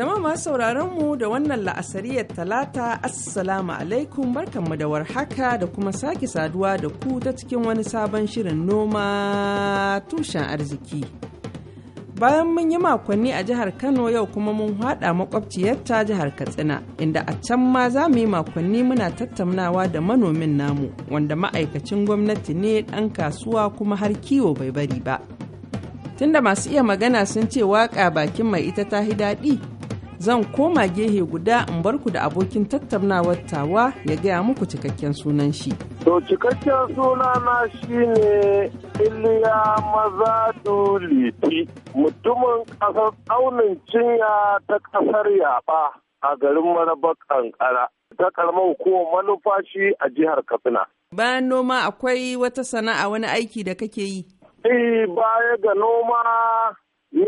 Jama'a masu sauraron mu da wannan la'asariyar talata assalamu alaikum barkanmu da warhaka da kuma sake saduwa da ku ta cikin wani sabon shirin noma tushen arziki. Bayan mun yi makonni a jihar Kano yau kuma mun haɗa ta jihar Katsina inda a can ma za mu yi makonni muna tattaunawa da manomin namu wanda ma'aikacin gwamnati ne ɗan kasuwa kuma har kiwo bai bari ba. Tunda masu iya magana sun ce waƙa bakin mai ita ta hi daɗi zan koma gehe guda in barku da abokin tattaunawar tawa ya gaya muku cikakken sunan shi. To cikakken sunana shine Iliya maza Liti mutumin ƙasar tsaunin cinya ta ƙasar Yaba a garin Maraba Kankara ta ƙaramar hukumar manufashi a jihar Katsina. Bayan noma akwai wata sana'a wani aiki da kake yi? Eh baya ga noma ni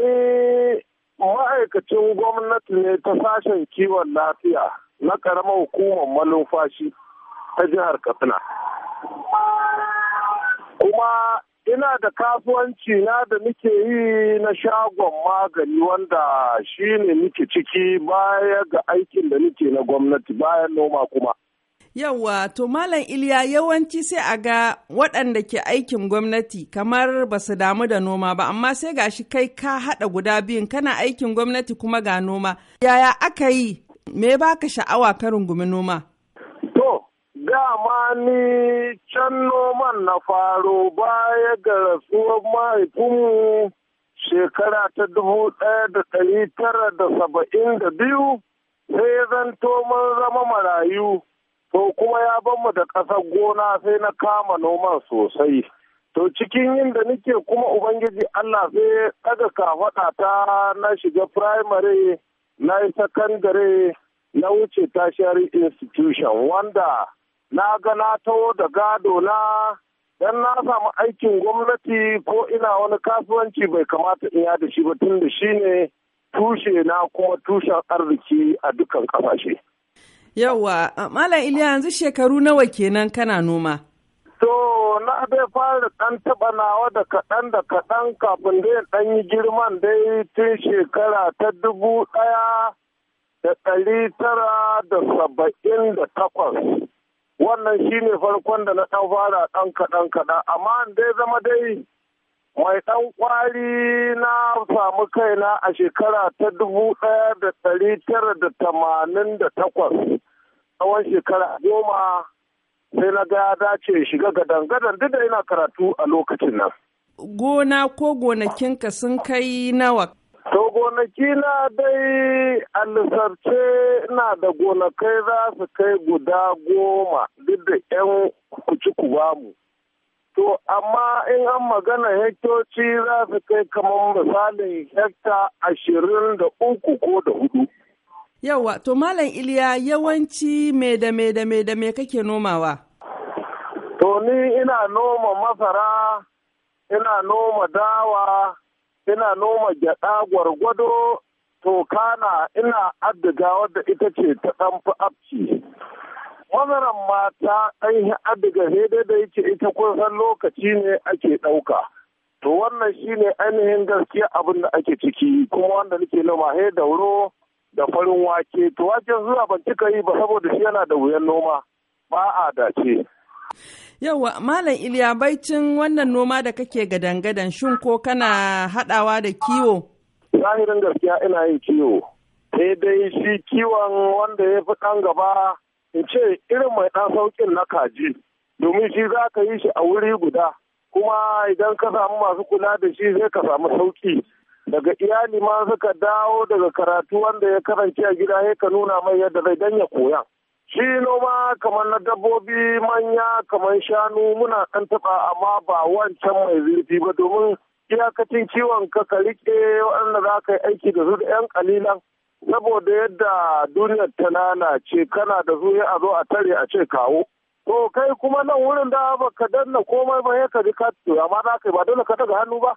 ma'aikacin gwamnati ne ta sashen kiwon lafiya na karamar hukumar malumfashi ta jihar katsina kuma ina da kasuwanci na da nike yi na shagon magani wanda shi ne nike ciki baya ga aikin da nike na gwamnati bayan noma kuma Yawwa, to Malam Iliya yawanci sai a ga waɗanda ke aikin gwamnati kamar ba su damu da noma ba, amma sai gashi kai ka haɗa guda biyun kana aikin gwamnati kuma ga noma. Yaya aka yi? Me ba ka sha'awa ka rungumi noma? To, dama ni can noman na faro baya ga rasuwar mahaifinmu shekara ta dubu ɗaya da ɗari tara da saba'in da biyu sai zanto mun zama marayu. to kuma ya ban mu da ƙasar gona sai na kama noman sosai to cikin yin da nike kuma ubangiji allah sai ɗaga kafaɗa ta na shiga firamare na yi sakandare na wuce tertiary institution wanda na ga na taho da gado na dan na samu aikin gwamnati ko ina wani kasuwanci bai kamata in ya da shi ba tun da shi ne tushe na kuma tushen arziki a dukkan ƙasashe. Yawwa, Malam Iliya yanzu shekaru nawa kenan kana noma? To, na dai fara ɗan taɓa nawa da kaɗan da kaɗan kafin dai ɗan yi girman dai tun shekara ta dubu ɗaya da ɗari tara da saba'in da takwas. Wannan shi ne farkon da na ɗan fara ɗan kaɗan kaɗan, amma dai zama dai mai ɗan kwari na samu kaina a shekara ta dubu ɗaya da ɗari tara da tamanin da takwas tsawon shekara goma sai na ga ya dace shiga gadan-gadan duk da ina karatu a lokacin nan. Gona ko gonakinka sun kai nawa? To gonaki na dai a lissarce ina da gonakai za su kai guda goma duk da 'yan kuci ku bamu. To, amma in an magana hektoci za su kai kamar misalin hekta ashirin da uku ko da hudu. Yawa, to Malam Iliya yawanci me da me da me da me kake nomawa? To, ni ina noma masara, ina noma dawa, ina noma gyaɗa gwargwado, to kana ina addiga wadda ita ce ta ɗan abci. tazaran mata an yi adiga daidai da yake ita kusan lokaci ne ake ɗauka. To wannan shi ne ainihin gaskiya abin da ake ciki kuma wanda nake noma he da wuro da farin wake. To waken zuwa ban cika yi ba saboda shi yana da wuyan noma ba a dace. Yauwa Malam Iliya baicin wannan noma da kake gadan-gadan shin ko kana haɗawa da kiwo? Zahirin gaskiya ina yin kiwo. Sai dai shi kiwon wanda ya fi kan gaba in ce irin mai ɗan sauƙin na kaji domin shi za ka yi shi a wuri guda kuma idan ka samu masu kula da shi zai ka samu sauƙi daga iyali ma suka dawo daga karatu wanda ya karance a gida ya ka nuna mai yadda zai dan ya koya shi noma kamar na dabbobi manya kamar shanu muna ɗan taɓa amma ba wancan mai zurfi ba domin iyakacin kiwon ka ka riƙe waɗanda za ka yi aiki da su da 'yan ƙalilan saboda yadda duniyar ta lalace kana da zuwa a zo a tare a ce kawo to kai kuma nan wurin da ka danna komai ba ya kaji ka amma na kai ba dole ka daga hannu ba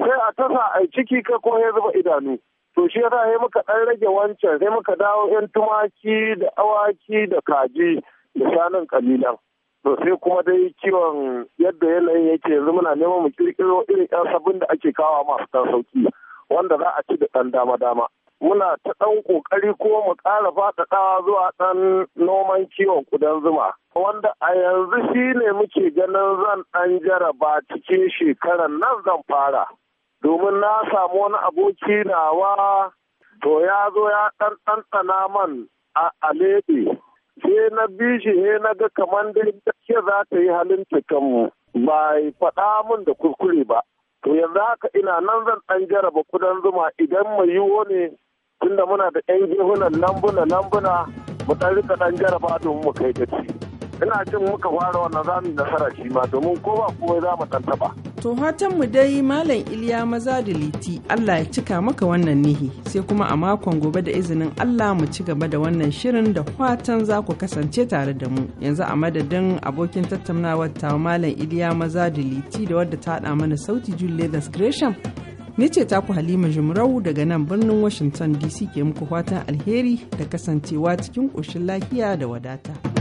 sai a tasa a ciki ka ko ya zuba idanu to shi yasa sai muka ɗan rage wancan sai muka dawo yan tumaki da awaki da kaji da shanun kalilan to sai kuma dai kiwon yadda yanayin yake yanzu muna neman mu kirkiro irin yan sabbin da ake kawo masu ɗan sauki wanda za a ci da ɗan dama dama muna ta ɗan ƙoƙari ko mu ƙara faɗaɗa zuwa ɗan noman kiwon kudan zuma. Wanda a yanzu shi ne muke ganin zan ɗan jaraba cikin shekaran nan zan fara. Domin na samu wani aboki nawa to ya zo ya ɗan ɗanɗana man a alebe. Sai na bi shi he na ga kamar dai gaskiya za ta yi halin mu Ba faɗa min da kurkure ba. To yanzu haka ina nan zan ɗan jaraba kudan zuma idan mai yiwo ne tunda muna da yan gehunan lambuna lambuna mu ɗan rika ɗan jaraba domin mu kai gaci ina jin muka fara wannan za mu nasara shi ma domin ko ba kowai za mu taɓa. to hatan mu dai malam iliya maza da liti allah ya cika maka wannan nihi sai kuma a makon gobe da izinin allah mu ci gaba da wannan shirin da fatan za ku kasance tare da mu yanzu a madadin abokin tattaunawar ta malam iliya maza da liti da wadda ta haɗa mana sauti Julius gresham Ni ce taku Halima jimrau daga nan birnin Washington DC ke muku fatan alheri da kasancewa cikin ƙoshin lafiya da wadata.